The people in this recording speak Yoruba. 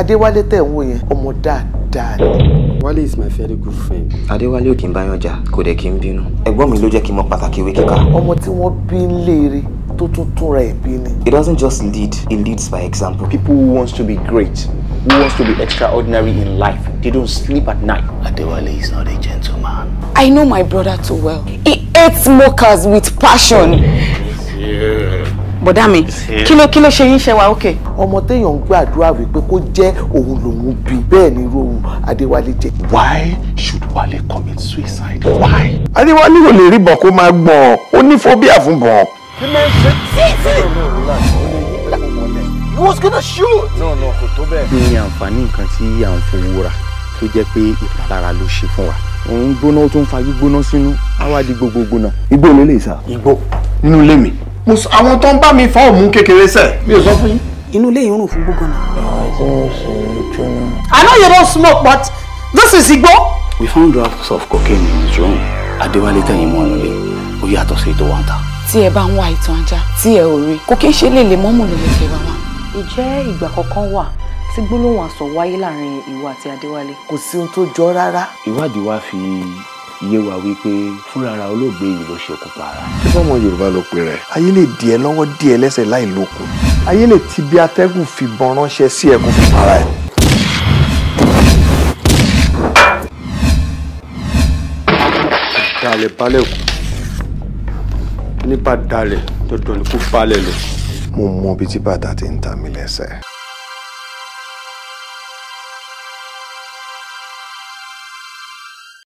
Adewale, tẹ̀ ń wò yẹn ọmọ dáadáa ni. wálé is my very good friend. Adewale, ò kì í báyọ̀ jà kò dẹ̀ kí n bínú. ẹ̀gbọ́n mi ló jẹ́ kí n mọ pàtàkì ìwé kíkà. ọmọ tí wọ́n bí ń léèrè tó tún tún ra ẹ̀bí ni. it doesn't just lead it leads by example. people who want to be great who wants to be extraordinary in life they don't sleep at night. Adewale is not a gentleman. I know my brother too well. He hates mockers with passion. yeah bọ̀dá mi kí ló kí ló ṣe yín ṣe wa ókè. ọmọ téèyàn ń gbàdúrà wípé kó jẹ́ òun lòun bí bẹ́ẹ̀ ni irú adéwálé jẹ́. why should wale commit suicide why. adéwálé ò lè rí bọ̀ kó máa gbọ̀n ó ní fóbíà fún bọ̀n. kí ló ń ṣe títì. he was gonna shoot. no no kò tó bẹ́ẹ̀. ní àǹfààní nǹkan tí à ń fowó ra tó jẹ́ pé ìpalára ló ṣe fún wa òun gbóná ó tún fa gbígbóná sínú àwa di gbogbogbò náà. igbó lélẹ̀ sá. igbó nínú ilé mi àwọn tó ń bá mi fọ́ òmù kékeré sẹ̀ mi ò sọ fún yín. inú ilé yìí ń rùn fún gbogbo náà. I know you don't smoke but this is Igbo. We found drafts of cocaine in his room. Adéwálé tẹ̀yìn mọ́ nílé ó yàtọ̀ sí ètò wàǹtà. Tí ẹ bá ń wá ìtàn ajá tí ẹ ò rí kò kí ń ṣe lè lè mọ́mù lè lè ṣe wá wá. Ìjẹ́ ìgbà kankan wà tí gbólóhùn àsọ̀ wáyé láàrin ìwọ àti Adéwálé. Kò sí ohun tó jọ rárá. Ìwádìí wa fi yé wa wípé fúnra olóògbé yìí ló ṣekú para. ṣé ọmọ yorùbá ló pe rẹ ayé lè di ẹ lọ́wọ́ di ẹ lẹ́sẹ̀ láì lókun ayé lè ti bí atẹ́gùn fìbọn ránṣẹ́ sí ẹkùn fún para ẹ. dalẹ̀ balẹ̀ kù nípa dalẹ̀ dandan ni kò balẹ̀ lọ. mo mọ ibi tí bàtà ti ń ta mi lẹ́sẹ̀.